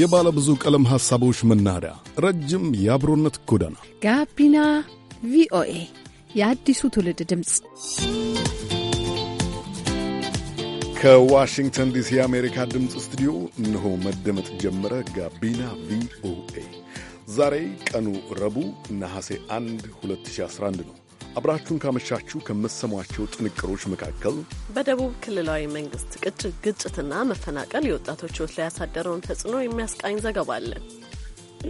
የባለ ብዙ ቀለም ሐሳቦች መናኸሪያ፣ ረጅም የአብሮነት ጎዳና፣ ጋቢና ቪኦኤ የአዲሱ ትውልድ ድምፅ ከዋሽንግተን ዲሲ የአሜሪካ ድምፅ ስቱዲዮ እነሆ መደመጥ ጀመረ። ጋቢና ቪኦኤ ዛሬ ቀኑ ረቡዕ ነሐሴ 1 2011 ነው። አብራችሁን ካመሻችሁ ከምትሰሟቸው ጥንቅሮች መካከል በደቡብ ክልላዊ መንግስት ግጭትና መፈናቀል የወጣቶች ህይወት ላይ ያሳደረውን ተጽዕኖ የሚያስቃኝ ዘገባ አለን።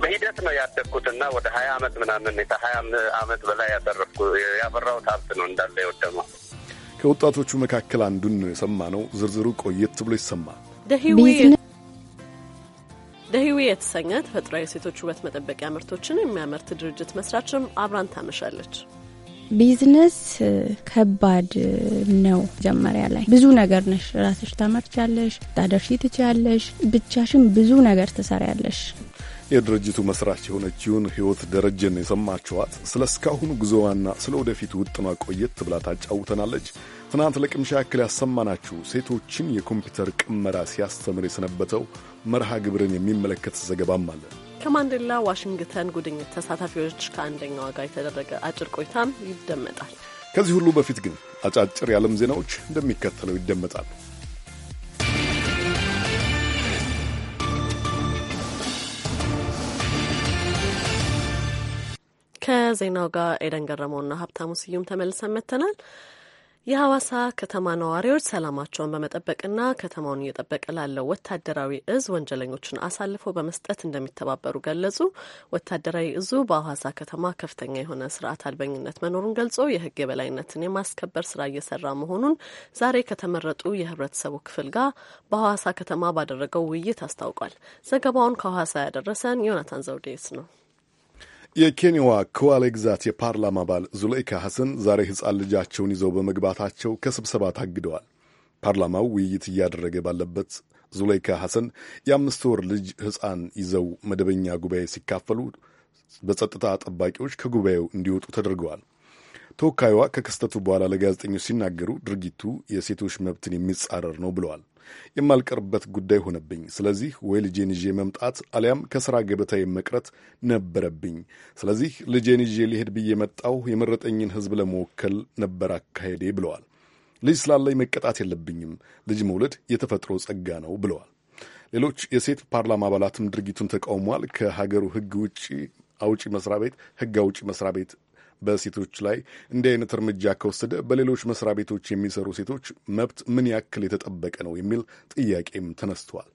በሂደት ነው ያደግኩትና ወደ ሀያ አመት ምናምን ከሀያ አመት በላይ ያደረግኩ ያፈራሁት ሀብት ነው እንዳለ የወደመው። ከወጣቶቹ መካከል አንዱን ነው ነው። ዝርዝሩ ቆየት ብሎ ይሰማል። ደህዌ የተሰኘ ተፈጥሯዊ የሴቶች ውበት መጠበቂያ ምርቶችን የሚያመርት ድርጅት መስራችም አብራን ታመሻለች። ቢዝነስ ከባድ ነው። መጀመሪያ ላይ ብዙ ነገር ነሽ። ራስሽ ታመርቻለሽ፣ ታደርሺ ትችያለሽ፣ ብቻሽን ብዙ ነገር ትሰሪያለሽ። የድርጅቱ መስራች የሆነችውን ህይወት ደረጀን የሰማችኋት ስለ እስካሁኑ ጉዞዋና ስለ ወደፊቱ ውጥኗ ቆየት ብላ ታጫውተናለች። ትናንት ለቅምሻ ያክል ያሰማናችሁ ሴቶችን የኮምፒውተር ቅመራ ሲያስተምር የሰነበተው መርሃ ግብርን የሚመለከት ዘገባም አለን። ከማንዴላ ዋሽንግተን ጉድኝት ተሳታፊዎች ከአንደኛው ጋር የተደረገ አጭር ቆይታም ይደመጣል። ከዚህ ሁሉ በፊት ግን አጫጭር የዓለም ዜናዎች እንደሚከተለው ይደመጣል። ከዜናው ጋር ኤደን ገረመውና ሀብታሙ ስዩም ተመልሰን መጥተናል። የሐዋሳ ከተማ ነዋሪዎች ሰላማቸውን በመጠበቅና ከተማውን እየጠበቀ ላለው ወታደራዊ እዝ ወንጀለኞችን አሳልፎ በመስጠት እንደሚተባበሩ ገለጹ። ወታደራዊ እዙ በሐዋሳ ከተማ ከፍተኛ የሆነ ስርዓት አልበኝነት መኖሩን ገልጾ የህግ የበላይነትን የማስከበር ስራ እየሰራ መሆኑን ዛሬ ከተመረጡ የህብረተሰቡ ክፍል ጋር በሐዋሳ ከተማ ባደረገው ውይይት አስታውቋል። ዘገባውን ከሐዋሳ ያደረሰን ዮናታን ዘውዴስ ነው። የኬንያዋ ክዋሌ ግዛት የፓርላማ አባል ዙሌይካ ሐሰን ዛሬ ሕፃን ልጃቸውን ይዘው በመግባታቸው ከስብሰባ ታግደዋል። ፓርላማው ውይይት እያደረገ ባለበት ዙሌይካ ሐሰን የአምስት ወር ልጅ ሕፃን ይዘው መደበኛ ጉባኤ ሲካፈሉ በጸጥታ ጠባቂዎች ከጉባኤው እንዲወጡ ተደርገዋል። ተወካዩዋ ከክስተቱ በኋላ ለጋዜጠኞች ሲናገሩ ድርጊቱ የሴቶች መብትን የሚጻረር ነው ብለዋል። የማልቀርበት ጉዳይ ሆነብኝ። ስለዚህ ወይ ልጄን ይዤ መምጣት አሊያም ከስራ ገበታዬ መቅረት ነበረብኝ። ስለዚህ ልጄን ይዤ ሊሄድ ብዬ መጣሁ። የመረጠኝን ሕዝብ ለመወከል ነበር አካሄዴ ብለዋል። ልጅ ስላለኝ መቀጣት የለብኝም። ልጅ መውለድ የተፈጥሮ ጸጋ ነው ብለዋል። ሌሎች የሴት ፓርላማ አባላትም ድርጊቱን ተቃውሟል። ከሀገሩ ህግ ውጭ አውጪ መስሪያ ቤት ህግ አውጪ መስሪያ ቤት በሴቶች ላይ እንዲህ አይነት እርምጃ ከወሰደ በሌሎች መስሪያ ቤቶች የሚሰሩ ሴቶች መብት ምን ያክል የተጠበቀ ነው የሚል ጥያቄም ተነስቷል።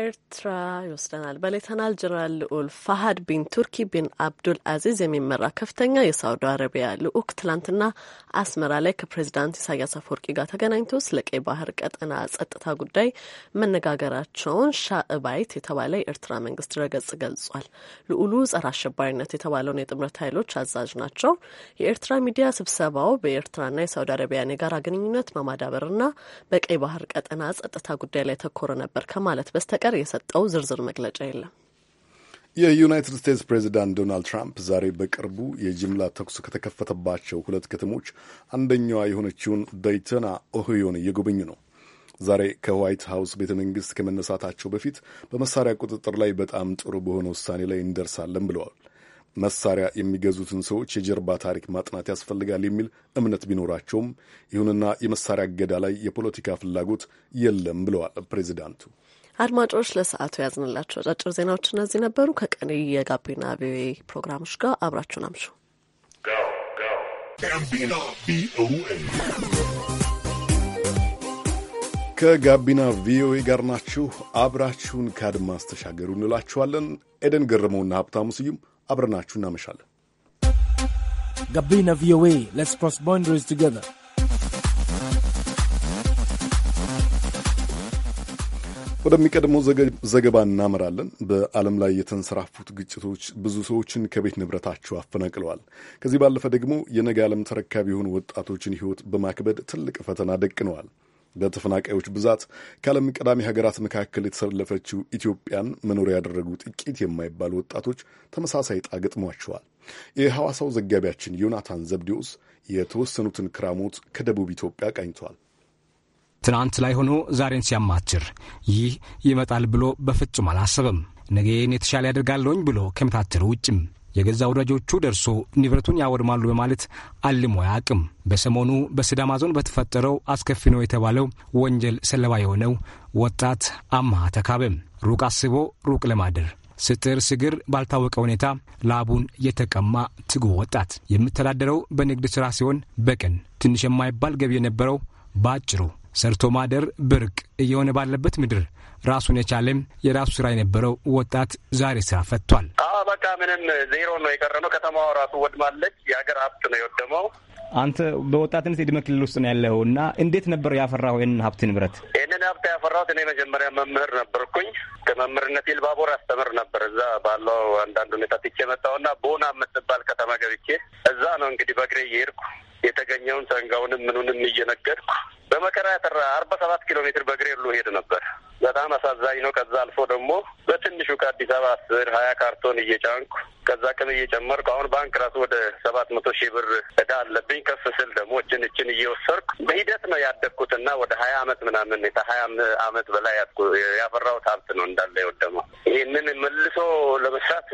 ኤርትራ ይወስደናል። በሌተናል ጀነራል ልዑል ፋሀድ ቢን ቱርኪ ቢን አብዱል አዚዝ የሚመራ ከፍተኛ የሳውዲ አረቢያ ልዑክ ትላንትና አስመራ ላይ ከፕሬዚዳንት ኢሳያስ አፈወርቂ ጋር ተገናኝቶ ስለ ቀይ ባህር ቀጠና ጸጥታ ጉዳይ መነጋገራቸውን ሻእባይት የተባለ የኤርትራ መንግስት ድረገጽ ገልጿል። ልዑሉ ጸረ አሸባሪነት የተባለውን የጥምረት ኃይሎች አዛዥ ናቸው። የኤርትራ ሚዲያ ስብሰባው በኤርትራና የሳውዲ አረቢያን የጋራ ግንኙነት በማዳበርና በቀይ ባህር ቀጠና ጸጥታ ጉዳይ ላይ ተኮረ ነበር ከማለት በስተ በስተቀር የሰጠው ዝርዝር መግለጫ የለም። የዩናይትድ ስቴትስ ፕሬዚዳንት ዶናልድ ትራምፕ ዛሬ በቅርቡ የጅምላ ተኩስ ከተከፈተባቸው ሁለት ከተሞች አንደኛዋ የሆነችውን ደይተና ኦህዮን እየጎበኙ ነው። ዛሬ ከዋይት ሀውስ ቤተ መንግስት ከመነሳታቸው በፊት በመሳሪያ ቁጥጥር ላይ በጣም ጥሩ በሆነ ውሳኔ ላይ እንደርሳለን ብለዋል። መሳሪያ የሚገዙትን ሰዎች የጀርባ ታሪክ ማጥናት ያስፈልጋል የሚል እምነት ቢኖራቸውም፣ ይሁንና የመሳሪያ እገዳ ላይ የፖለቲካ ፍላጎት የለም ብለዋል ፕሬዚዳንቱ አድማጮች ለሰዓቱ ያዝንላቸው አጫጭር ዜናዎች እነዚህ ነበሩ። ከቀን የጋቢና ቪኦኤ ፕሮግራሞች ጋር አብራችሁን አምሹ። ከጋቢና ቪኦኤ ጋር ናችሁ። አብራችሁን ከአድማስ ተሻገሩ እንላችኋለን። ኤደን ገረመውና ሀብታሙ ስዩም አብረናችሁ እናመሻለን። ጋቢና ቪኦኤ ሌትስ ክሮስ ባውንደሪስ ቱጌዘር ወደሚቀድመው ዘገባ እናመራለን። በዓለም ላይ የተንሰራፉት ግጭቶች ብዙ ሰዎችን ከቤት ንብረታቸው አፈናቅለዋል። ከዚህ ባለፈ ደግሞ የነገ ዓለም ተረካቢ የሆኑ ወጣቶችን ሕይወት በማክበድ ትልቅ ፈተና ደቅነዋል። በተፈናቃዮች ብዛት ከዓለም ቀዳሚ ሀገራት መካከል የተሰለፈችው ኢትዮጵያን መኖሪያ ያደረጉ ጥቂት የማይባሉ ወጣቶች ተመሳሳይ ዕጣ ገጥሟቸዋል። የሐዋሳው ዘጋቢያችን ዮናታን ዘብዴዎስ የተወሰኑትን ክራሞት ከደቡብ ኢትዮጵያ ቃኝቷል። ትናንት ላይ ሆኖ ዛሬን ሲያማችር ይህ ይመጣል ብሎ በፍጹም አላሰበም። ነገን የተሻለ ያደርጋለሁኝ ብሎ ከመታተር ውጭም የገዛ ወዳጆቹ ደርሶ ንብረቱን ያወድማሉ በማለት አልሞ አያውቅም። በሰሞኑ በሲዳማ ዞን በተፈጠረው አስከፊ ነው የተባለው ወንጀል ሰለባ የሆነው ወጣት አማ ተካበም ሩቅ አስቦ ሩቅ ለማደር ስጥር ስግር ባልታወቀ ሁኔታ ላቡን የተቀማ ትጉ ወጣት የምተዳደረው በንግድ ሥራ ሲሆን በቀን ትንሽ የማይባል ገቢ የነበረው በአጭሩ ሰርቶ ማደር ብርቅ እየሆነ ባለበት ምድር ራሱን የቻለም የራሱ ስራ የነበረው ወጣት ዛሬ ስራ ፈቷል። አዎ በቃ ምንም ዜሮ ነው የቀረ ነው። ከተማዋ ራሱ ወድማለች። የሀገር ሀብት ነው የወደመው። አንተ በወጣትነት የዕድሜ ክልል ውስጥ ነው ያለው እና እንዴት ነበር ያፈራው ይህንን ሀብት ንብረት? ይህንን ሀብት ያፈራሁት እኔ መጀመሪያ መምህር ነበርኩኝ። ከመምህርነት ኢልባቡር አስተምር ነበር። እዛ ባለው አንዳንድ ሁኔታ ትቼ መጣሁና ቦና የምትባል ከተማ ገብቼ እዛ ነው እንግዲህ በእግሬ እየሄድኩ የተገኘውን ሰንጋውንም ምኑንም እየነገድኩ በመከራ ያተራ አርባ ሰባት ኪሎ ሜትር በእግሬ ሁሉ ሄድ ነበር። በጣም አሳዛኝ ነው። ከዛ አልፎ ደግሞ በትንሹ ከአዲስ አበባ አስር ሀያ ካርቶን እየጫንኩ ከዛ ቅም እየጨመርኩ አሁን ባንክ ራሱ ወደ ሰባት መቶ ሺህ ብር እዳ አለብኝ። ከፍ ስል ደግሞ እችን እችን እየወሰርኩ በሂደት ነው እና ወደ ሀያ አመት ምናምን ከሀያ አመት በላይ ያፈራሁት ሀብት ነው እንዳለ የወደመው። ይህንን መልሶ ለመስራት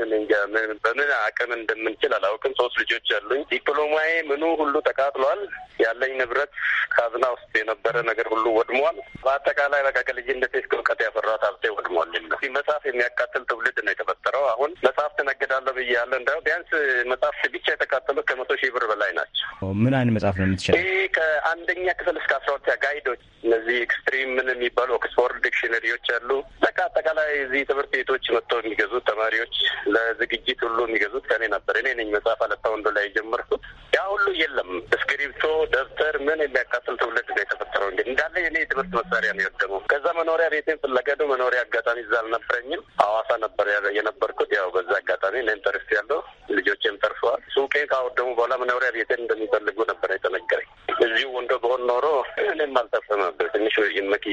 በምን አቅም እንደምንችል አላውቅም። ሶስት ልጆች ያሉኝ ዲፕሎማዬ ምኑ ሁሉ ተቃጥሏል። ያለኝ ንብረት ካዝና ውስጥ የነበረ ነገር ሁሉ ወድሟል። በአጠቃላይ በቃ ከልጅነት እስከ እውቀት ያፈራሁት ሀብቴ ወድሟል። መጽሐፍ የሚያቃጥል ትውልድ ነው የተፈ አሁን መጽሐፍት ትነግዳለሁ ብዬ ያለ እንደ ቢያንስ መጽሐፍት ብቻ የተካተሉት ከመቶ ሺህ ብር በላይ ናቸው። ምን አይነት መጽሐፍ ነው የምትችለው? ይህ ከአንደኛ ክፍል እስከ አስራ ሁለተኛ ጋይዶች እነዚህ ኤክስትሪም ምን የሚባሉ ኦክስፎርድ ዲክሽነሪዎች አሉ። በቃ አጠቃላይ እዚህ ትምህርት ቤቶች መጥተው የሚገዙት ተማሪዎች ለዝግጅት ሁሉ የሚገዙት ከኔ ነበር። እኔ ነኝ መጽሐፍ አለታ ወንዶ ላይ የጀመርኩት። ያ ሁሉ የለም። እስክሪብቶ፣ ደብተር ምን የሚያቃጥል ትውልድ ነው የተፈጠረው። እንግዲህ እንዳለ እኔ የትምህርት መሳሪያ ነው የወደመው። ከዛ መኖሪያ ቤቴን ፍለገዱ መኖሪያ አጋጣሚ እዛ አልነበረኝም። ሐዋሳ ነበር የነበርኩት። ያው በዛ አጋጣሚ እኔም ያለው ልጆችም ተርፈዋል። ሱቄ ካወደሙ በኋላ መኖሪያ ቤቴን እንደሚፈልጉ ነበር የተነገረኝ። እዚሁ ወንዶ በሆን ኖሮ እኔም አልጠፈመበት ትንሽ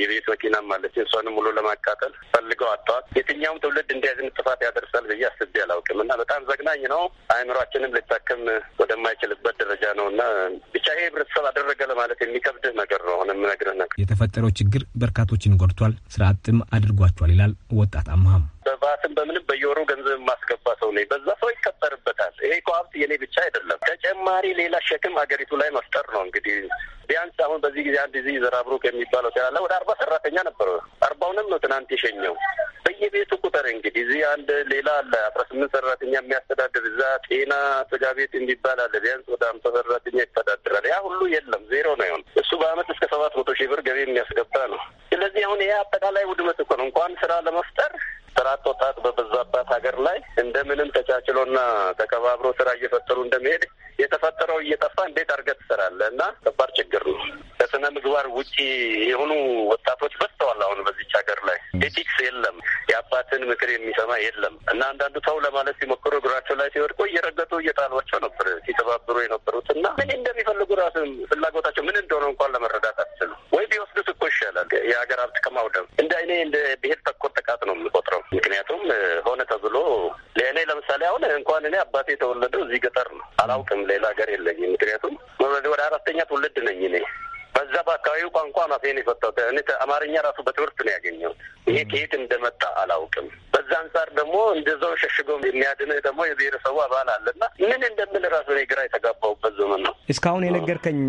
የቤት መኪና ማለች እሷንም ሙሉ ለማቃጠል ፈልገው አጥተዋል። የትኛውም ትውልድ እንዲያዝን ጥፋት ያደርሳል ብዬ አስቤ አላውቅም እና በጣም ዘግናኝ ነው። አእምሯችንም ልታከም ወደማይችልበት ደረጃ ነው እና ብቻ ይሄ ህብረተሰብ አደረገ ለማለት የሚከብድ ነገር ነው። ሆነ የምነግርህ ነገር የተፈጠረው ችግር በርካቶችን ጎድቷል፣ ስራ አጥም አድርጓቸዋል ይላል ወጣት አማም ራስን በምንም በየወሩ ገንዘብ የማስገባ ሰው ነኝ። በዛ ሰው ይከበርበታል። ይሄ እኮ ሀብት የኔ ብቻ አይደለም። ተጨማሪ ሌላ ሸክም ሀገሪቱ ላይ መፍጠር ነው እንግዲህ ቢያንስ አሁን በዚህ ጊዜ አንድ ዚህ ዘራብሩክ የሚባለው ሆቴል ወደ አርባ ሰራተኛ ነበረ። አርባውንም ነው ትናንት የሸኘው። በየቤቱ ቁጥር እንግዲህ እዚህ አንድ ሌላ አለ አስራ ስምንት ሰራተኛ የሚያስተዳድር እዛ ጤና ጥጋ ቤት የሚባል አለ። ቢያንስ ወደ አምሳ ሰራተኛ ይተዳድራል። ያ ሁሉ የለም፣ ዜሮ ነው ይሆን እሱ በአመት እስከ ሰባት መቶ ሺህ ብር ገቢ የሚያስገባ ነው። ስለዚህ አሁን ይሄ አጠቃላይ ውድመት እኮ ነው እንኳን ስራ ለመፍጠር ስራ አጥ ወጣት በበዛባት ሀገር ላይ እንደምንም ተቻችሎና ተከባብሮ ስራ እየፈጠሩ እንደመሄድ የተፈጠረው እየጠፋ እንዴት አድርገህ ትሰራለህ? እና ከባድ ችግር ነው። ከስነ ምግባር ውጪ የሆኑ ወጣቶች በዝተዋል። አሁን በዚች ሀገር ላይ ኤቲክስ የለም፣ የአባትን ምክር የሚሰማ የለም። እና አንዳንዱ ተው ለማለት ሲሞክሩ እግራቸው ላይ ሲወድቁ እየረገጡ እየጣሏቸው ነበር ሲተባብሩ የነበሩት እና ምን እንደሚፈልጉ ራስም ፍላጎታቸው ምን እንደሆነ እንኳን ለመረዳት የሀገር ሀብት ከማውደም እንደ እኔ እንደ ብሄር ተኮር ጥቃት ነው የምቆጥረው። ምክንያቱም ሆነ ተብሎ ለእኔ ለምሳሌ አሁን እንኳን እኔ አባቴ የተወለደው እዚህ ገጠር ነው፣ አላውቅም ሌላ ሀገር የለኝም። ምክንያቱም ወደ አራተኛ ትውልድ ነኝ እኔ በዛ በአካባቢው ቋንቋ ማፌን የፈታው እኔ አማርኛ ራሱ በትምህርት ነው ያገኘው። ይሄ ከየት እንደመጣ አላውቅም። በዛ አንጻር ደግሞ እንደዛው ሸሽጎ የሚያድንህ ደግሞ የብሔረሰቡ አባል አለና ምን እንደምን ራሱ እኔ ግራ የተጋባሁበት ዘመን ነው። እስካሁን የነገርከኝ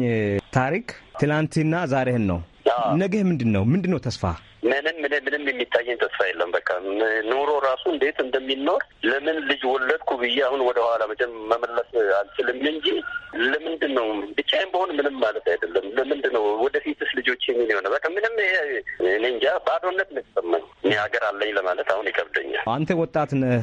ታሪክ ትላንትና ዛሬህን ነው ነገ ምንድን ነው ምንድን ነው ተስፋ? ምንም ምንም ምንም የሚታየኝ ተስፋ የለም። በቃ ኑሮ ራሱ እንዴት እንደሚኖር ለምን ልጅ ወለድኩ ብዬ አሁን ወደኋላ መቼም መመለስ አልችልም እንጂ ለምንድን ነው ብቻዬን በሆን ምንም ማለት አይደለም። ለምንድን ነው ወደፊትስ ልጆች የሚን የሆነ በቃ ምንም እኔ እንጃ ባዶነት ነው የተሰማኝ። እኔ ሀገር አለኝ ለማለት አሁን ይከብደኛል። አንተ ወጣት ነህ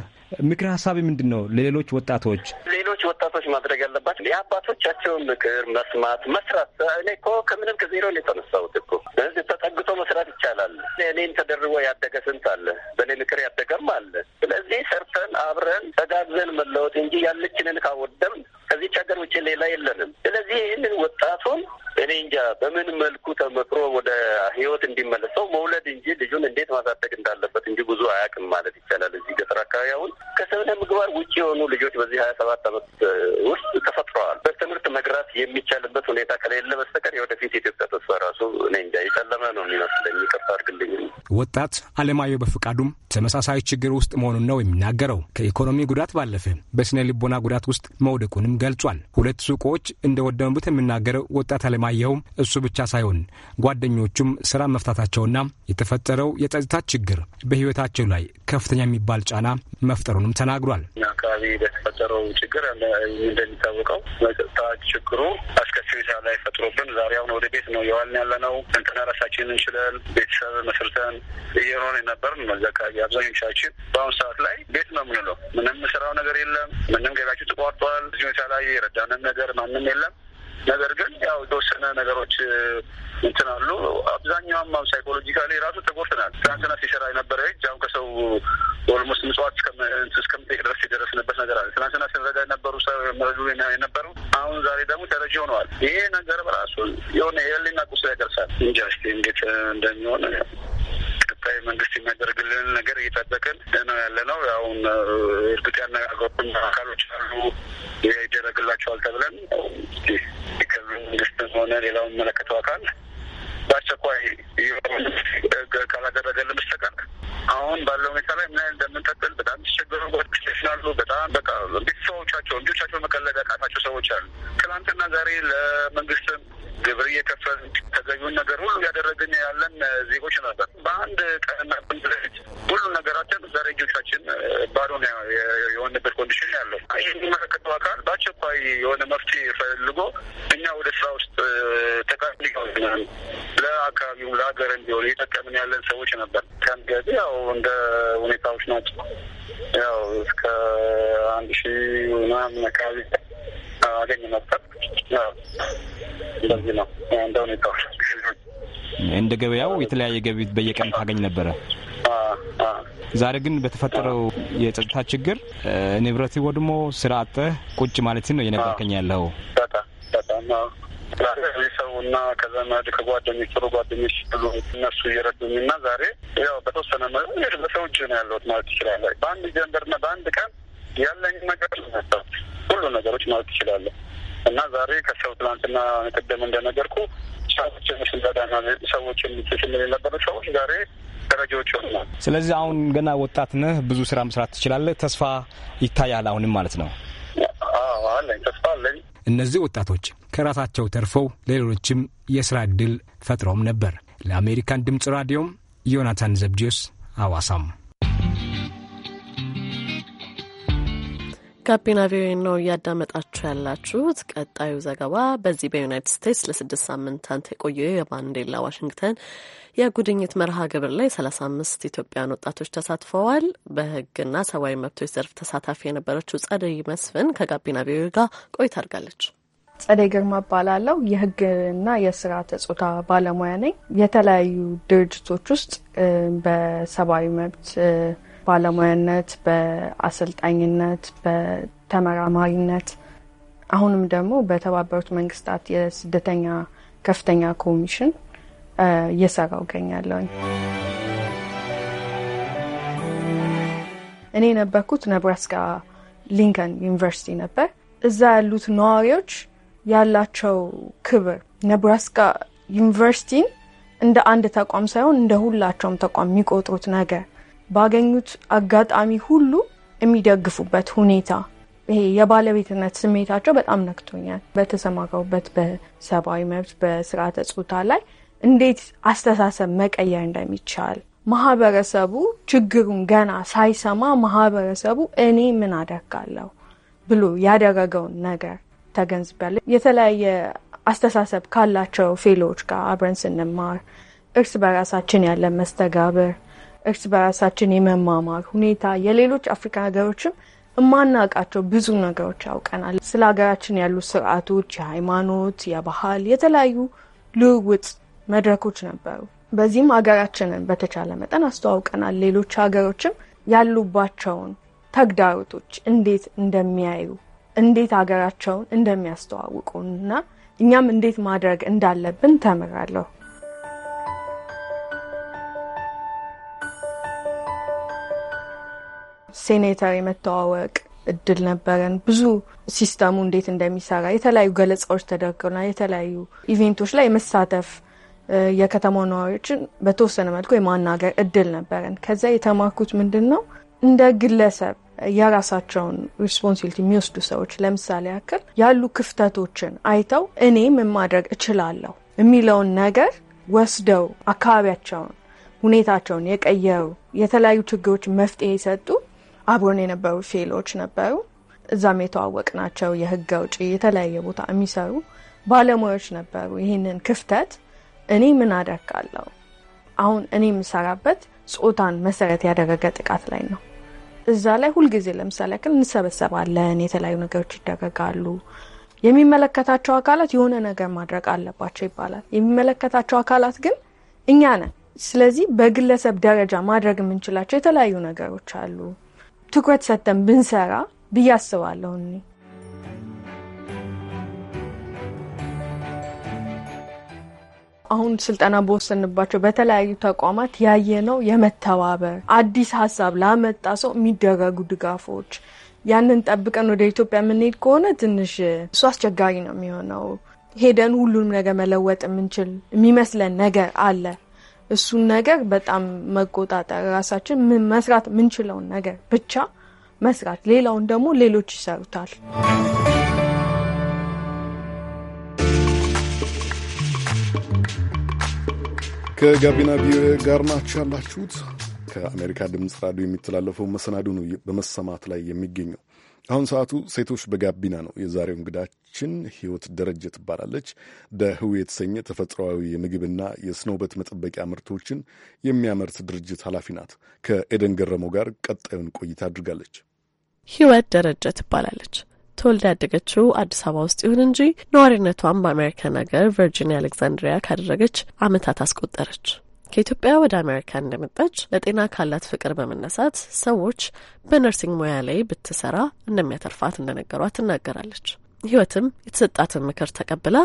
ምክር ሀሳቤ ምንድን ነው? ለሌሎች ወጣቶች ሌሎች ወጣቶች ማድረግ ያለባቸው የአባቶቻቸውን ምክር መስማት፣ መስራት። እኔ እኮ ከምንም ከዜሮ ነው የተነሳሁት እኮ ስለዚህ ተጠግቶ መስራት ይቻላል። እኔም ተደርቦ ያደገ ስንት አለ፣ በእኔ ምክር ያደገም አለ። ስለዚህ ሰርተን አብረን ተጋግዘን መለወጥ እንጂ ያለችንን ካወደም ከዚች ሀገር ውጭ ሌላ የለንም። ስለዚህ ይህንን ወጣቱን እኔ እንጃ በምን መልኩ ተመክሮ ወደ ህይወት እንዲመለሰው መውለድ እንጂ ልጁን እንዴት ማሳደግ እንዳለበት እንጂ ብዙ አያውቅም ማለት ይቻላል። እዚህ ገጠር አካባቢ አሁን ከስነ ምግባር ውጭ የሆኑ ልጆች በዚህ ሀያ ሰባት አመት ውስጥ ተፈጥረዋል። በትምህርት መግራት የሚቻልበት ሁኔታ ከሌለ በስተቀር የወደፊት ኢትዮጵያ ተስፋ ራሱ እኔ እንጃ የጨለመ ነው የሚመስለኝ። ይቅርታ አድርግልኝ። ወጣት አለማየሁ በፍቃዱም ተመሳሳይ ችግር ውስጥ መሆኑን ነው የሚናገረው። ከኢኮኖሚ ጉዳት ባለፈ በስነ ልቦና ጉዳት ውስጥ መውደቁንም ገልጿል። ሁለት ሱቆች እንደወደሙበት የሚናገረው ወጣት አለማየሁም እሱ ብቻ ሳይሆን ጓደኞቹም ስራ መፍታታቸውና የተፈጠረው የጸጥታ ችግር በህይወታቸው ላይ ከፍተኛ የሚባል ጫና መፍጠሩንም ተናግሯል። አካባቢ በተፈጠረው ችግር እንደሚታወቀው መጸጥታ ችግሩ አስከፊ ሁኔታ ላይ ፈጥሮብን ዛሬ አሁን ወደ ቤት ነው የዋልን ያለ ነው። እንትና ራሳችንን እንችለን ቤተሰብ መስርተን እየሆነ የነበርን ነው። እዚያ አካባቢ አብዛኞቻችን በአሁኑ ሰዓት ላይ ቤት ነው የምንለው። ምንም ስራው ነገር የለም። ምንም ገቢያችን ተቋርጧል። እዚህ ሁኔታ ላይ የረዳንን ነገር ማንም የለም። ነገር ግን ያው የተወሰነ ነገሮች እንትን አሉ። አብዛኛውም ሳይኮሎጂካሊ ራሱ ተጎድተናል። ትናንትና ሲሰራ የነበረ እጅ አሁን ከሰው ኦልሞስት ምጽዋት እስከምጠይቅ ድረስ የደረስንበት ነገር አለ። ትናንትና ስንረዳ የነበሩ መረዱ የነበሩ አሁን ዛሬ ደግሞ ተረጂ ሆነዋል። ይሄ ነገር በራሱ የሆነ የህሊና ቁስ ያደርሳል። እንጃ እንዴት እንደሚሆን ቀጣይ መንግስት የሚያደርግልንን ነገር እየጠበቅን ነው ያለ ነው። አሁን እርግጥ ያነጋገሩን አካሎች አሉ ይደረግላቸዋል ተብለን ከዚ መንግስትም ሆነ ሌላውን የሚመለከተው አካል በአስቸኳይ የተለያየ ገቢ በየቀን ታገኝ ነበረ። ዛሬ ግን በተፈጠረው የጸጥታ ችግር ንብረት ወድሞ ስራ አጥተህ ቁጭ ማለት ነው እየነገርከኝ ያለው። ሰው እና ከዘመድ ከጓደኞች ጥሩ ጓደኞች ብሎ እነሱ እየረዱኝ እና ዛሬ ያው በተወሰነ መ በሰው እጅ ነው ያለሁት ማለት ይችላለ። በአንድ ጀንበር እና በአንድ ቀን ያለኝ ነገር ሁሉ ነገሮች ማለት ይችላለ እና ዛሬ ከሰው ትናንትና ቅድም እንደነገርኩ ሰዎች የሚችል የነበሩ ሰዎች ዛሬ ደረጃዎች ስለዚህ አሁን ገና ወጣት ነህ፣ ብዙ ስራ መስራት ትችላለህ። ተስፋ ይታያል አሁንም ማለት ነው። አለኝ ተስፋ አለኝ። እነዚህ ወጣቶች ከራሳቸው ተርፈው ሌሎችም የስራ ዕድል ፈጥረውም ነበር። ለአሜሪካን ድምፅ ራዲዮም ዮናታን ዘብዲዮስ አዋሳም ጋቢና ቪኦኤ ነው እያዳመጣችሁ ያላችሁት። ቀጣዩ ዘገባ በዚህ በዩናይትድ ስቴትስ ለስድስት ሳምንታት የቆየው የማንዴላ ዋሽንግተን የጉድኝት መርሃ ግብር ላይ ሰላሳ አምስት ኢትዮጵያውያን ወጣቶች ተሳትፈዋል። በህግና ሰብአዊ መብቶች ዘርፍ ተሳታፊ የነበረችው ጸደይ መስፍን ከጋቢና ቪኦኤ ጋር ቆይታ አድርጋለች። ጸደይ ግርማ እባላለሁ። የህግና የስርዓተ ጾታ ባለሙያ ነኝ። የተለያዩ ድርጅቶች ውስጥ በሰብአዊ መብት ባለሙያነት፣ በአሰልጣኝነት፣ በተመራማሪነት አሁንም ደግሞ በተባበሩት መንግስታት የስደተኛ ከፍተኛ ኮሚሽን እየሰራው እገኛለሁኝ። እኔ የነበርኩት ነብራስካ ሊንከን ዩኒቨርሲቲ ነበር። እዛ ያሉት ነዋሪዎች ያላቸው ክብር ነብራስካ ዩኒቨርሲቲን እንደ አንድ ተቋም ሳይሆን እንደ ሁላቸውም ተቋም የሚቆጥሩት ነገር ባገኙት አጋጣሚ ሁሉ የሚደግፉበት ሁኔታ ይሄ የባለቤትነት ስሜታቸው በጣም ነክቶኛል። በተሰማራሁበት በሰብአዊ መብት በስርዓተ ጾታ ላይ እንዴት አስተሳሰብ መቀየር እንደሚቻል ማህበረሰቡ ችግሩን ገና ሳይሰማ ማህበረሰቡ እኔ ምን አደርጋለሁ ብሎ ያደረገውን ነገር ተገንዝቢያለሁ። የተለያየ አስተሳሰብ ካላቸው ፌሎዎች ጋር አብረን ስንማር እርስ በራሳችን ያለን መስተጋብር እርስ በራሳችን የመማማር ሁኔታ የሌሎች አፍሪካ ሀገሮችም እማናውቃቸው ብዙ ነገሮች ያውቀናል። ስለ ሀገራችን ያሉ ስርዓቶች፣ የሃይማኖት፣ የባህል የተለያዩ ልውውጥ መድረኮች ነበሩ። በዚህም ሀገራችንን በተቻለ መጠን አስተዋውቀናል። ሌሎች ሀገሮችም ያሉባቸውን ተግዳሮቶች እንዴት እንደሚያዩ እንዴት ሀገራቸውን እንደሚያስተዋውቁ እና እኛም እንዴት ማድረግ እንዳለብን ተምራለሁ። ሴኔተር የመተዋወቅ እድል ነበረን። ብዙ ሲስተሙ እንዴት እንደሚሰራ የተለያዩ ገለጻዎች ተደርገውና የተለያዩ ኢቬንቶች ላይ የመሳተፍ የከተማ ነዋሪዎችን በተወሰነ መልኩ የማናገር እድል ነበረን። ከዛ የተማርኩት ምንድን ነው እንደ ግለሰብ የራሳቸውን ሪስፖንሲቢሊቲ የሚወስዱ ሰዎች ለምሳሌ ያክል ያሉ ክፍተቶችን አይተው እኔ ምን ማድረግ እችላለሁ የሚለውን ነገር ወስደው አካባቢያቸውን፣ ሁኔታቸውን የቀየሩ የተለያዩ ችግሮች መፍትሄ የሰጡ አብሮን የነበሩ ፌሎች ነበሩ። እዛም የተዋወቅ ናቸው። የህግ አውጪ፣ የተለያየ ቦታ የሚሰሩ ባለሙያዎች ነበሩ። ይህንን ክፍተት እኔ ምን አደርጋለሁ? አሁን እኔ የምሰራበት ጾታን መሰረት ያደረገ ጥቃት ላይ ነው። እዛ ላይ ሁልጊዜ ለምሳሌ ያክል እንሰበሰባለን፣ የተለያዩ ነገሮች ይደረጋሉ። የሚመለከታቸው አካላት የሆነ ነገር ማድረግ አለባቸው ይባላል። የሚመለከታቸው አካላት ግን እኛ ነን። ስለዚህ በግለሰብ ደረጃ ማድረግ የምንችላቸው የተለያዩ ነገሮች አሉ። ትኩረት ሰጥተን ብንሰራ ብዬ አስባለሁ። አሁን ስልጠና በወሰንባቸው በተለያዩ ተቋማት ያየነው የመተባበር አዲስ ሀሳብ ላመጣ ሰው የሚደረጉ ድጋፎች ያንን ጠብቀን ወደ ኢትዮጵያ የምንሄድ ከሆነ ትንሽ እሱ አስቸጋሪ ነው የሚሆነው። ሄደን ሁሉንም ነገር መለወጥ የምንችል የሚመስለን ነገር አለ። እሱን ነገር በጣም መቆጣጠር፣ ራሳችን መስራት የምንችለውን ነገር ብቻ መስራት፣ ሌላውን ደግሞ ሌሎች ይሰሩታል። ከጋቢና ቪኦኤ ጋር ናችሁ ያላችሁት። ከአሜሪካ ድምፅ ራዲዮ የሚተላለፈው መሰናዱ ነው በመሰማት ላይ የሚገኘው። አሁን ሰዓቱ ሴቶች በጋቢና ነው። የዛሬው እንግዳችን ህይወት ደረጀ ትባላለች። ደህው የተሰኘ ተፈጥሯዊ የምግብና ውበት መጠበቂያ ምርቶችን የሚያመርት ድርጅት ኃላፊ ናት። ከኤደን ገረመው ጋር ቀጣዩን ቆይታ አድርጋለች። ህይወት ደረጀ ትባላለች። ተወልዳ ያደገችው አዲስ አበባ ውስጥ ይሁን እንጂ ነዋሪነቷን በአሜሪካን ሀገር ቨርጂኒያ አሌክዛንድሪያ ካደረገች አመታት አስቆጠረች። ከኢትዮጵያ ወደ አሜሪካ እንደመጣች ለጤና ካላት ፍቅር በመነሳት ሰዎች በነርሲንግ ሙያ ላይ ብትሰራ እንደሚያተርፋት እንደነገሯት ትናገራለች። ህይወትም የተሰጣትን ምክር ተቀብላ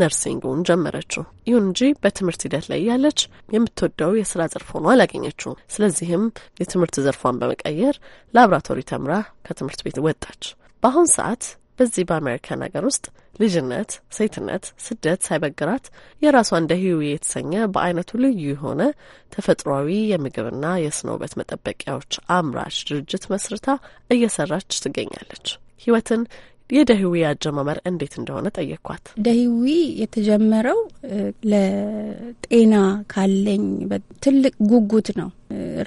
ነርሲንጉን ጀመረችው። ይሁን እንጂ በትምህርት ሂደት ላይ ያለች የምትወደው የስራ ዘርፍ ሆኖ አላገኘችው። ስለዚህም የትምህርት ዘርፏን በመቀየር ላብራቶሪ ተምራ ከትምህርት ቤት ወጣች። በአሁን ሰዓት በዚህ በአሜሪካን ሀገር ውስጥ ልጅነት፣ ሴትነት፣ ስደት ሳይበግራት የራሷ እንደ የተሰኘ በአይነቱ ልዩ የሆነ ተፈጥሯዊ የምግብና የስነ ውበት መጠበቂያዎች አምራች ድርጅት መስርታ እየሰራች ትገኛለች። ህይወትን የደህዊ አጀማመር እንዴት እንደሆነ ጠየኳት ደህዊ የተጀመረው ለጤና ካለኝ ትልቅ ጉጉት ነው።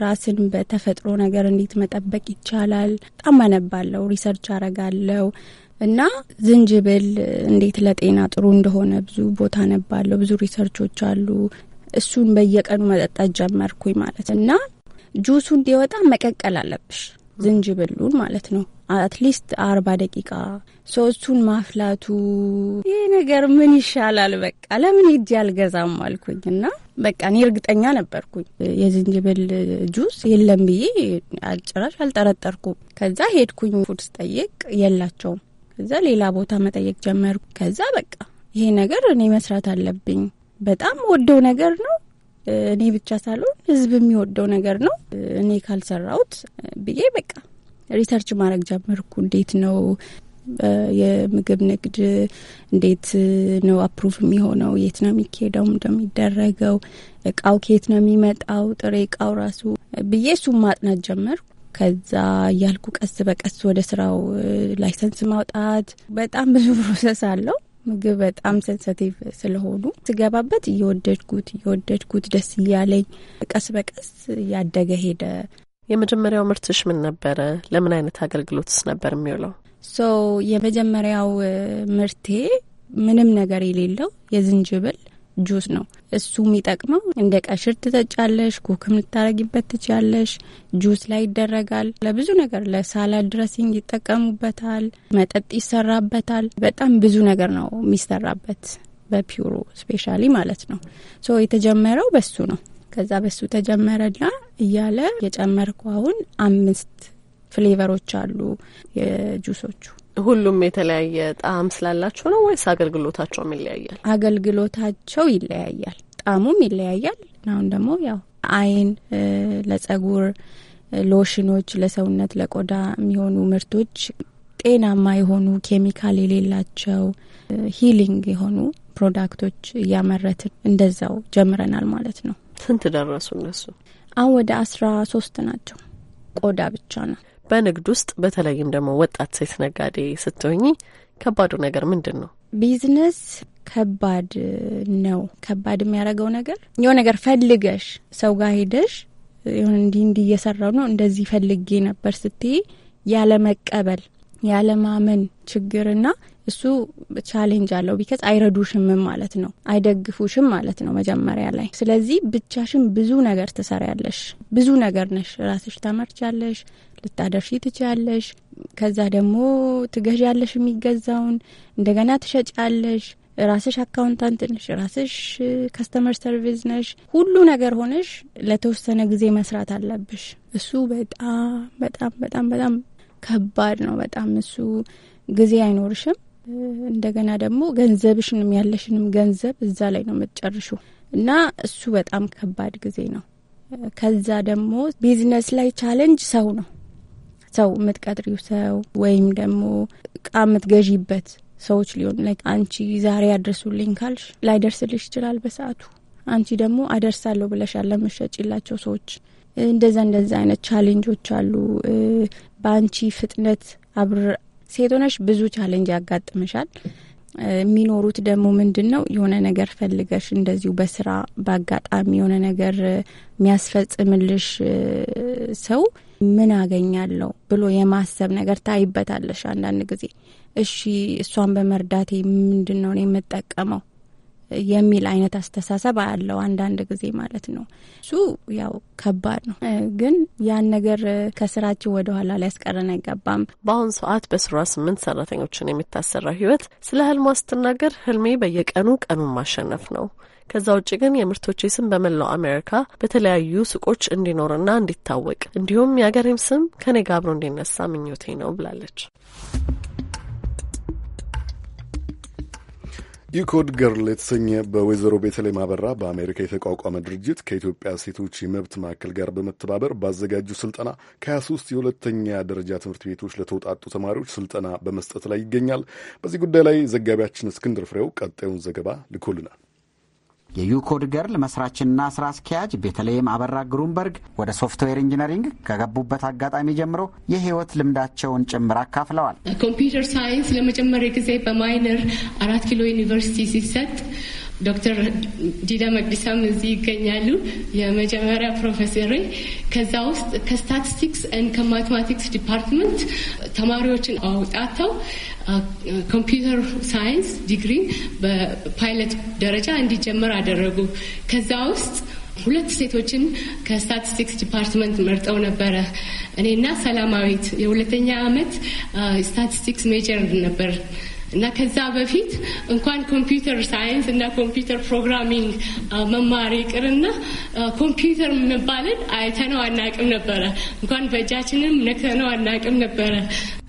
ራስን በተፈጥሮ ነገር እንዴት መጠበቅ ይቻላል? በጣም አነባለሁ፣ ሪሰርች አረጋለው። እና ዝንጅብል እንዴት ለጤና ጥሩ እንደሆነ ብዙ ቦታ ነባለው ብዙ ሪሰርቾች አሉ። እሱን በየቀኑ መጠጣት ጀመርኩኝ ማለት እና ጁሱ እንዲወጣ መቀቀል አለብሽ ዝንጅብሉን ማለት ነው። አትሊስት አርባ ደቂቃ እሱን ማፍላቱ ይህ ነገር ምን ይሻላል በቃ ለምን ሄጄ አልገዛም አልኩኝ እና በቃ እኔ እርግጠኛ ነበርኩኝ የዝንጅብል ጁስ የለም ብዬ አጭራሽ አልጠረጠርኩም። ከዛ ሄድኩኝ ፉድ ስጠይቅ የላቸውም ከዛ ሌላ ቦታ መጠየቅ ጀመርኩ። ከዛ በቃ ይሄ ነገር እኔ መስራት አለብኝ። በጣም ወደው ነገር ነው። እኔ ብቻ ሳልሆን ህዝብ የሚወደው ነገር ነው። እኔ ካልሰራሁት ብዬ በቃ ሪሰርች ማድረግ ጀመርኩ። እንዴት ነው የምግብ ንግድ እንዴት ነው አፕሩቭ የሚሆነው? የት ነው የሚካሄደው? እንደሚደረገው እቃው ከየት ነው የሚመጣው? ጥሬ እቃው ራሱ ብዬ እሱም ማጥናት ጀመርኩ። ከዛ እያልኩ ቀስ በቀስ ወደ ስራው ላይሰንስ ማውጣት በጣም ብዙ ፕሮሰስ አለው። ምግብ በጣም ሴንሰቲቭ ስለሆኑ ስገባበት እየወደድኩት እየወደድኩት ደስ እያለኝ ቀስ በቀስ እያደገ ሄደ። የመጀመሪያው ምርትሽ ምን ነበረ? ለምን አይነት አገልግሎትስ ነበር የሚውለው? ሶ የመጀመሪያው ምርቴ ምንም ነገር የሌለው የዝንጅብል ጁስ ነው። እሱ የሚጠቅመው እንደ ቀሽር ትጠጫለሽ፣ ኩክም ልታረጊበት ትችያለሽ። ጁስ ላይ ይደረጋል። ለብዙ ነገር ለሳላድ ድረሲንግ ይጠቀሙበታል። መጠጥ ይሰራበታል። በጣም ብዙ ነገር ነው የሚሰራበት በፒሮ ስፔሻሊ ማለት ነው። ሶ የተጀመረው በሱ ነው። ከዛ በሱ ተጀመረና እያለ የጨመርኩ አሁን አምስት ፍሌቨሮች አሉ የጁሶቹ ሁሉም የተለያየ ጣዕም ስላላቸው ነው ወይስ አገልግሎታቸውም ይለያያል? አገልግሎታቸው ይለያያል፣ ጣዕሙም ይለያያል። አሁን ደግሞ ያው አይን ለጸጉር ሎሽኖች፣ ለሰውነት ለቆዳ የሚሆኑ ምርቶች ጤናማ የሆኑ ኬሚካል የሌላቸው ሂሊንግ የሆኑ ፕሮዳክቶች እያመረትን እንደዛው ጀምረናል ማለት ነው። ስንት ደረሱ እነሱ? አሁን ወደ አስራ ሶስት ናቸው። ቆዳ ብቻ ነው በንግድ ውስጥ በተለይም ደግሞ ወጣት ሴት ነጋዴ ስትሆኚ ከባዱ ነገር ምንድን ነው? ቢዝነስ ከባድ ነው። ከባድ የሚያደርገው ነገር የሆነ ነገር ፈልገሽ ሰው ጋር ሄደሽ የሆነ እንዲህ እንዲህ እየሰራው ነው እንደዚህ ፈልጌ ነበር ስትይ ያለ መቀበል ያለ ማመን ችግርና እሱ ቻሌንጅ አለው። ቢከዝ አይረዱሽም ማለት ነው፣ አይደግፉሽም ማለት ነው መጀመሪያ ላይ። ስለዚህ ብቻሽን ብዙ ነገር ትሰሪያለሽ፣ ብዙ ነገር ነሽ። ራስሽ ታመርቻለሽ፣ ልታደርሺ ትችያለሽ። ከዛ ደግሞ ትገዣለሽ፣ የሚገዛውን እንደገና ትሸጫለሽ። ራስሽ አካውንታንት ነሽ፣ ራስሽ ከስተመር ሰርቪስ ነሽ። ሁሉ ነገር ሆነሽ ለተወሰነ ጊዜ መስራት አለብሽ። እሱ በጣም በጣም በጣም በጣም ከባድ ነው። በጣም እሱ ጊዜ አይኖርሽም። እንደገና ደግሞ ገንዘብሽንም ያለሽንም ገንዘብ እዛ ላይ ነው የምትጨርሹ እና እሱ በጣም ከባድ ጊዜ ነው። ከዛ ደግሞ ቢዝነስ ላይ ቻለንጅ ሰው ነው ሰው የምትቀጥሪው ሰው ወይም ደግሞ እቃ የምትገዢበት ሰዎች ሊሆኑ አንቺ ዛሬ አድርሱልኝ ካልሽ ላይደርስልሽ ይችላል በሰዓቱ። አንቺ ደግሞ አደርሳለሁ ብለሽ ያለመሸጭላቸው ሰዎች። እንደዛ እንደዛ አይነት ቻሌንጆች አሉ። በአንቺ ፍጥነት አብር ሴት ሆነሽ ብዙ ቻሌንጅ ያጋጥምሻል። የሚኖሩት ደግሞ ምንድን ነው የሆነ ነገር ፈልገሽ እንደዚሁ በስራ በአጋጣሚ የሆነ ነገር የሚያስፈጽምልሽ ሰው ምን አገኛለሁ ብሎ የማሰብ ነገር ታይበታለሽ። አንዳንድ ጊዜ እሺ እሷን በመርዳቴ ምንድን ነው የምጠቀመው የሚል አይነት አስተሳሰብ አለው አንዳንድ ጊዜ ማለት ነው። እሱ ያው ከባድ ነው፣ ግን ያን ነገር ከስራችን ወደ ኋላ ሊያስቀረን አይገባም። በአሁኑ ሰዓት በስሯ ስምንት ሰራተኞችን የሚታሰራው ህይወት ስለ ህልሟ ስትናገር ህልሜ በየቀኑ ቀኑን ማሸነፍ ነው ከዛ ውጭ ግን የምርቶቼ ስም በመላው አሜሪካ በተለያዩ ሱቆች እንዲኖርና እንዲታወቅ እንዲሁም የአገሬም ስም ከኔ ጋር አብሮ እንዲነሳ ምኞቴ ነው ብላለች። ኢኮድ ገርል የተሰኘ በወይዘሮ ቤተላይ ማበራ በአሜሪካ የተቋቋመ ድርጅት ከኢትዮጵያ ሴቶች የመብት ማዕከል ጋር በመተባበር ባዘጋጁ ስልጠና ከ23 የሁለተኛ ደረጃ ትምህርት ቤቶች ለተውጣጡ ተማሪዎች ስልጠና በመስጠት ላይ ይገኛል። በዚህ ጉዳይ ላይ ዘጋቢያችን እስክንድር ፍሬው ቀጣዩን ዘገባ ልኮልናል። የዩኮድ ገርል መስራችና ስራ አስኪያጅ ቤተልሔም አበራ ግሩምበርግ ወደ ሶፍትዌር ኢንጂነሪንግ ከገቡበት አጋጣሚ ጀምሮ የህይወት ልምዳቸውን ጭምር አካፍለዋል። ኮምፒውተር ሳይንስ ለመጀመሪያ ጊዜ በማይነር አራት ኪሎ ዩኒቨርሲቲ ሲሰጥ ዶክተር ዲዳ መቅዲሳም እዚህ ይገኛሉ። የመጀመሪያ ፕሮፌሰር ከዛ ውስጥ ከስታቲስቲክስ ኤንድ ከማቴማቲክስ ዲፓርትመንት ተማሪዎችን አውጣተው ኮምፒውተር ሳይንስ ዲግሪ በፓይለት ደረጃ እንዲጀመር አደረጉ። ከዛ ውስጥ ሁለት ሴቶችን ከስታቲስቲክስ ዲፓርትመንት መርጠው ነበረ። እኔና ሰላማዊት የሁለተኛ አመት ስታቲስቲክስ ሜጀር ነበር። እና ከዛ በፊት እንኳን ኮምፒውተር ሳይንስ እና ኮምፒውተር ፕሮግራሚንግ መማር ይቅርና ኮምፒውተር መባልን አይተነው አናቅም ነበረ። እንኳን በእጃችንም ነክተነው አናቅም ነበረ።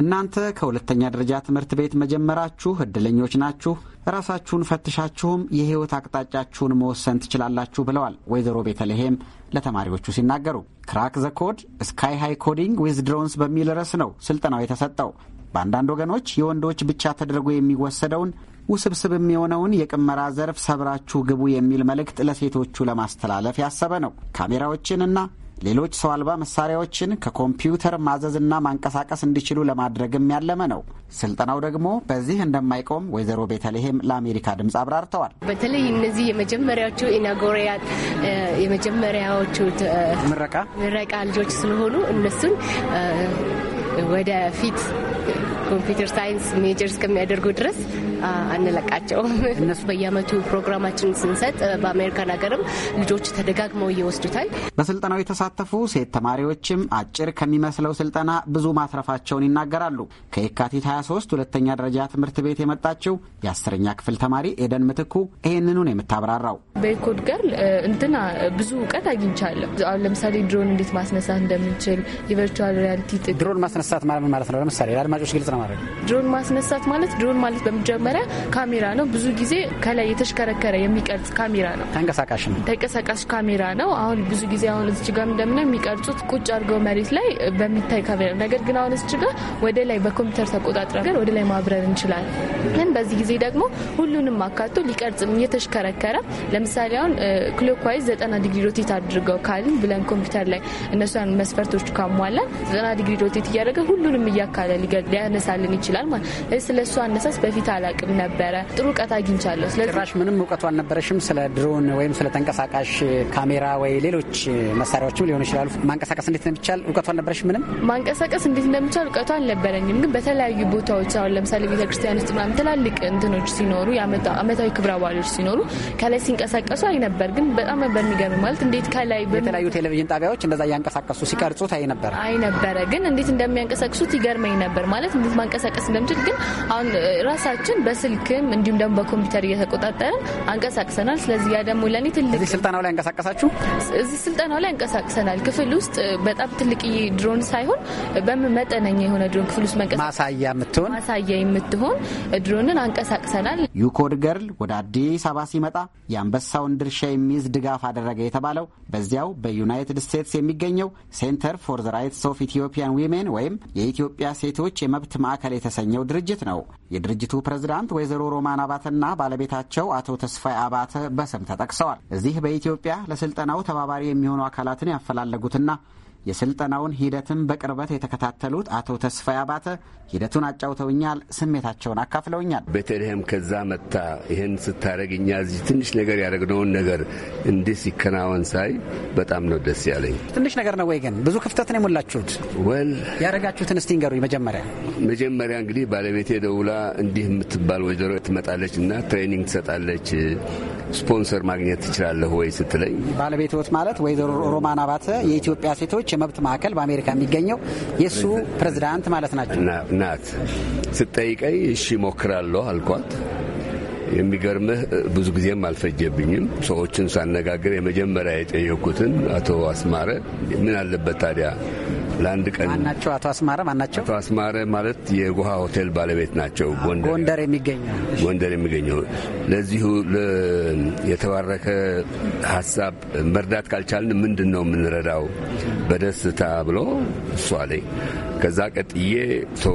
እናንተ ከሁለተኛ ደረጃ ትምህርት ቤት መጀመራችሁ እድለኞች ናችሁ። ራሳችሁን ፈትሻችሁም የህይወት አቅጣጫችሁን መወሰን ትችላላችሁ ብለዋል ወይዘሮ ቤተልሔም ለተማሪዎቹ ሲናገሩ። ክራክ ዘ ኮድ ስካይ ሃይ ኮዲንግ ዊዝ ድሮንስ በሚል ርዕስ ነው ስልጠናው የተሰጠው። በአንዳንድ ወገኖች የወንዶች ብቻ ተደርጎ የሚወሰደውን ውስብስብም የሆነውን የቅመራ ዘርፍ ሰብራችሁ ግቡ የሚል መልእክት ለሴቶቹ ለማስተላለፍ ያሰበ ነው። ካሜራዎችንና ሌሎች ሰው አልባ መሳሪያዎችን ከኮምፒውተር ማዘዝና ማንቀሳቀስ እንዲችሉ ለማድረግም ያለመ ነው። ስልጠናው ደግሞ በዚህ እንደማይቆም ወይዘሮ ቤተልሔም ለአሜሪካ ድምፅ አብራርተዋል። በተለይ እነዚህ የመጀመሪያዎቹ ኢናጎሪያ የመጀመሪያዎቹ ምረቃ ምረቃ ልጆች ስለሆኑ እነሱን ወደፊት ኮምፒውተር ሳይንስ ሜጀር እስከሚያደርጉ ድረስ አንለቃቸውም። እነሱ በየአመቱ ፕሮግራማችን ስንሰጥ በአሜሪካን ሀገርም ልጆች ተደጋግመው እየወስዱታል። በስልጠናው የተሳተፉ ሴት ተማሪዎችም አጭር ከሚመስለው ስልጠና ብዙ ማስረፋቸውን ይናገራሉ። ከየካቲት 23 ሁለተኛ ደረጃ ትምህርት ቤት የመጣችው የአስረኛ ክፍል ተማሪ ኤደን ምትኩ ይህንኑን የምታብራራው በኮድ ጋር እንትና ብዙ እውቀት አግኝቻለሁ። አሁን ለምሳሌ ድሮን እንዴት ማስነሳት እንደምንችል የቨርቹዋል ሪያሊቲ ድሮን ማስነሳት ማለት ማለት ነው። ለምሳሌ ለአድማጮች ግልጽ ነው ማድረግ ድሮን ማስነሳት ማለት ድሮን ማለት በመጀመሪያ የተጀመረ ካሜራ ነው። ብዙ ጊዜ ከላይ የተሽከረከረ የሚቀርጽ ካሜራ ነው። ተንቀሳቃሽ ነው። ተንቀሳቃሽ ካሜራ ነው። አሁን ብዙ ጊዜ አሁን እዚች ጋር እንደምናየው የሚቀርጹት ቁጭ አድርገው መሬት ላይ በሚታይ ካሜራ ነገር ግን አሁን እዚች ጋር ወደ ላይ በኮምፒውተር ተቆጣጥረ ነገር ወደ ላይ ማብረር እንችላለን። ግን በዚህ ጊዜ ደግሞ ሁሉንም አካቶ ሊቀርጽም እየተሽከረከረ ለምሳሌ አሁን ክሎክዋይዝ ዘጠና ዲግሪ ሮቴት አድርገው ካልን ብለን ኮምፒውተር ላይ እነሷን መስፈርቶች ካሟላን ዘጠና ዲግሪ ሮቴት እያደረገ ሁሉንም እያካለ ሊያነሳልን ይችላል ማለት ስለሱ አነሳስ በፊት አላቅ አላውቅም ነበረ። ጥሩ እውቀት አግኝቻለሁ። ጭራሽ ምንም እውቀቱ አልነበረሽም። ስለ ድሮን ወይም ስለ ተንቀሳቃሽ ካሜራ ወይ ሌሎች መሳሪያዎችም ሊሆኑ ይችላሉ። ማንቀሳቀስ እንዴት እንደሚቻል እውቀቱ አልነበረሽም። ምንም ማንቀሳቀስ እንዴት እንደሚቻል እውቀቱ አልነበረኝም። ግን በተለያዩ ቦታዎች አሁን ለምሳሌ ቤተክርስቲያን ውስጥ ምናምን ትላልቅ እንትኖች ሲኖሩ፣ አመታዊ ክብረ በዓሎች ሲኖሩ ከላይ ሲንቀሳቀሱ አይ ነበር። ግን በጣም በሚገርም ማለት እንዴት ከላይ የተለያዩ ቴሌቪዥን ጣቢያዎች እንደዛ እያንቀሳቀሱ ሲቀርጹት አይ ነበር አይ ነበረ። ግን እንዴት እንደሚያንቀሳቅሱት ይገርመኝ ነበር ማለት እንዴት ማንቀሳቀስ እንደምችል ግን አሁን ራሳችን በስልክም እንዲሁም ደግሞ በኮምፒውተር እየተቆጣጠርን አንቀሳቅሰናል። ስለዚህ ያ ደግሞ ለእኔ ትልቅ እዚህ ስልጠናው ላይ አንቀሳቀሳችሁ እዚህ ስልጠናው ላይ አንቀሳቅሰናል። ክፍል ውስጥ በጣም ትልቅ ድሮን ሳይሆን በመጠነኛ የሆነ ድሮን ክፍል ውስጥ መንቀሳቀስ ማሳያ የምትሆን ማሳያ የምትሆን ድሮንን አንቀሳቅሰናል። ዩኮድ ገርል ወደ አዲስ አበባ ሲመጣ የአንበሳውን ድርሻ የሚይዝ ድጋፍ አደረገ የተባለው በዚያው በዩናይትድ ስቴትስ የሚገኘው ሴንተር ፎር ዘ ራይትስ ኦፍ ኢትዮጵያን ዊሜን ወይም የኢትዮጵያ ሴቶች የመብት ማዕከል የተሰኘው ድርጅት ነው። የድርጅቱ ፕሬዝዳንት ፕሬዚዳንት ወይዘሮ ሮማን አባተና ባለቤታቸው አቶ ተስፋይ አባተ በስም ተጠቅሰዋል። እዚህ በኢትዮጵያ ለስልጠናው ተባባሪ የሚሆኑ አካላትን ያፈላለጉትና የስልጠናውን ሂደትም በቅርበት የተከታተሉት አቶ ተስፋ አባተ ሂደቱን አጫውተውኛል። ስሜታቸውን አካፍለውኛል። ቤተልሔም ከዛ መታ ይህን ስታደረግ እኛ እዚህ ትንሽ ነገር ያደረግነውን ነገር እንዲህ ሲከናወን ሳይ በጣም ነው ደስ ያለኝ። ትንሽ ነገር ነው ወይ ግን ብዙ ክፍተት ነው የሞላችሁት? ወል ያደረጋችሁትን እስቲ ንገሩኝ። መጀመሪያ መጀመሪያ እንግዲህ ባለቤቴ ደውላ እንዲህ የምትባል ወይዘሮ ትመጣለች እና ትሬኒንግ ትሰጣለች ስፖንሰር ማግኘት ትችላለህ ወይ ስትለኝ ባለቤትዎት ማለት ወይዘሮ ሮማን አባተ የኢትዮጵያ ሴቶች የመብት ማዕከል በአሜሪካ የሚገኘው የእሱ ፕሬዚዳንት ማለት ናቸው ናት ስትጠይቀኝ እሺ ሞክራለሁ አልኳት። የሚገርምህ ብዙ ጊዜም አልፈጀብኝም። ሰዎችን ሳነጋግር የመጀመሪያ የጠየኩትን አቶ አስማረ ምን አለበት ታዲያ ለአንድ ቀን ናቸው። አቶ አስማረ ናቸው? አቶ አስማረ ማለት የጉሃ ሆቴል ባለቤት ናቸው። ጎንደር የሚገኘው ጎንደር የሚገኘው ለዚሁ የተባረከ ሀሳብ መርዳት ካልቻልን ምንድን ነው የምንረዳው? በደስታ ብሎ እሷ ላይ ከዛ ቀጥዬ አቶ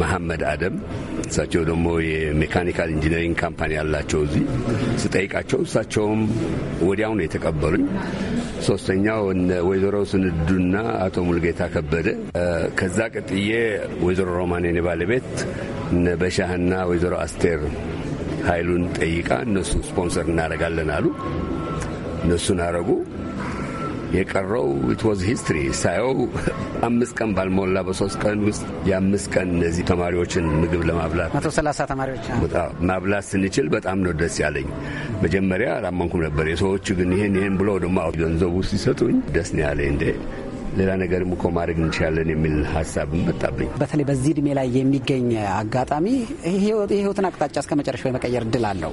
መሐመድ አደም እሳቸው ደግሞ የሜካኒካል ኢንጂነሪንግ ካምፓኒ ያላቸው እዚህ ስጠይቃቸው እሳቸውም ነው የተቀበሉኝ። ሶስተኛው ወይዘሮ ስንዱና አቶ ሙልጌ ሁኔታ ከበደ፣ ከዛ ቀጥዬ ወይዘሮ ሮማኔኔ ባለቤት በሻህና ወይዘሮ አስቴር ኃይሉን ጠይቃ እነሱ ስፖንሰር እናደርጋለን አሉ። እነሱን አረጉ። የቀረው ኢትወዝ ሂስትሪ ሳየው አምስት ቀን ባልሞላ በሶስት ቀን ውስጥ የአምስት ቀን እነዚህ ተማሪዎችን ምግብ ለማብላት መቶ ሰላሳ ተማሪዎች ማብላት ስንችል በጣም ነው ደስ ያለኝ። መጀመሪያ አላመንኩም ነበር። የሰዎቹ ግን ይህን ይህን ብሎ ደግሞ ገንዘቡ ሲሰጡኝ ደስ ነው ያለኝ እንዴ ሌላ ነገርም እኮ ማድረግ እንችላለን የሚል ሀሳብ መጣብኝ። በተለይ በዚህ እድሜ ላይ የሚገኝ አጋጣሚ የህይወትን አቅጣጫ እስከ መጨረሻው የመቀየር እድል አለው።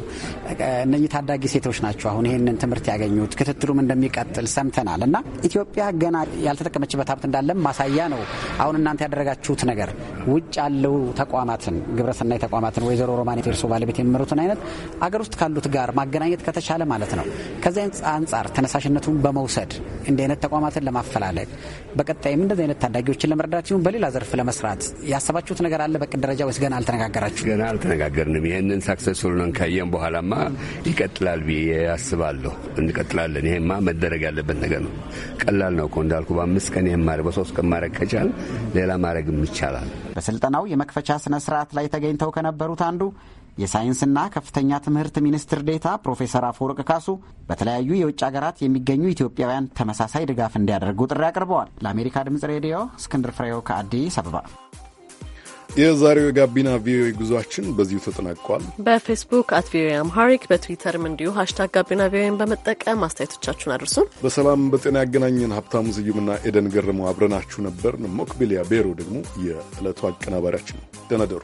እነኚህ ታዳጊ ሴቶች ናቸው አሁን ይህንን ትምህርት ያገኙት፣ ክትትሉም እንደሚቀጥል ሰምተናል እና ኢትዮጵያ ገና ያልተጠቀመችበት ሀብት እንዳለም ማሳያ ነው። አሁን እናንተ ያደረጋችሁት ነገር ውጭ ያለው ተቋማትን ግብረሰናይ ተቋማትን ወይዘሮ ሮማን የርሶ ባለቤት የሚመሩትን አይነት አገር ውስጥ ካሉት ጋር ማገናኘት ከተቻለ ማለት ነው ከዚያ አንጻር ተነሳሽነቱን በመውሰድ እንዲህ አይነት ተቋማትን ለማፈላለግ በቀጣይም እንደዚህ አይነት ታዳጊዎችን ለመርዳት ሲሆን በሌላ ዘርፍ ለመስራት ያሰባችሁት ነገር አለ በቅድ ደረጃ ወይስ ገና አልተነጋገራችሁ? ገና አልተነጋገርንም። ይህንን ሳክሰስፉል ነን ካየን በኋላማ ይቀጥላል ብዬ አስባለሁ። እንቀጥላለን። ይሄማ መደረግ ያለበት ነገር ነው። ቀላል ነው እኮ እንዳልኩ፣ በአምስት ቀን ይህ ማድረግ በሶስት ቀን ማድረግ ከቻል ሌላ ማድረግም ይቻላል። በስልጠናው የመክፈቻ ስነ ስርዓት ላይ ተገኝተው ከነበሩት አንዱ የሳይንስና ከፍተኛ ትምህርት ሚኒስትር ዴታ ፕሮፌሰር አፈወርቅ ካሱ በተለያዩ የውጭ ሀገራት የሚገኙ ኢትዮጵያውያን ተመሳሳይ ድጋፍ እንዲያደርጉ ጥሪ አቅርበዋል። ለአሜሪካ ድምጽ ሬዲዮ እስክንድር ፍሬው ከአዲስ አበባ። የዛሬው የጋቢና ቪኦኤ ጉዟችን በዚሁ ተጠናቋል። በፌስቡክ አት ቪኦኤ አምሃሪክ በትዊተርም እንዲሁ ሀሽታግ ጋቢና ቪኦኤን በመጠቀም አስተያየቶቻችሁን አድርሱን። በሰላም በጤና ያገናኘን ሀብታሙ ስዩምና ኤደን ገርመው አብረናችሁ ነበር ሞክቢሊያ ቤሮ ደግሞ የዕለቱ አቀናባሪያችን ነው። ደህና ደሩ።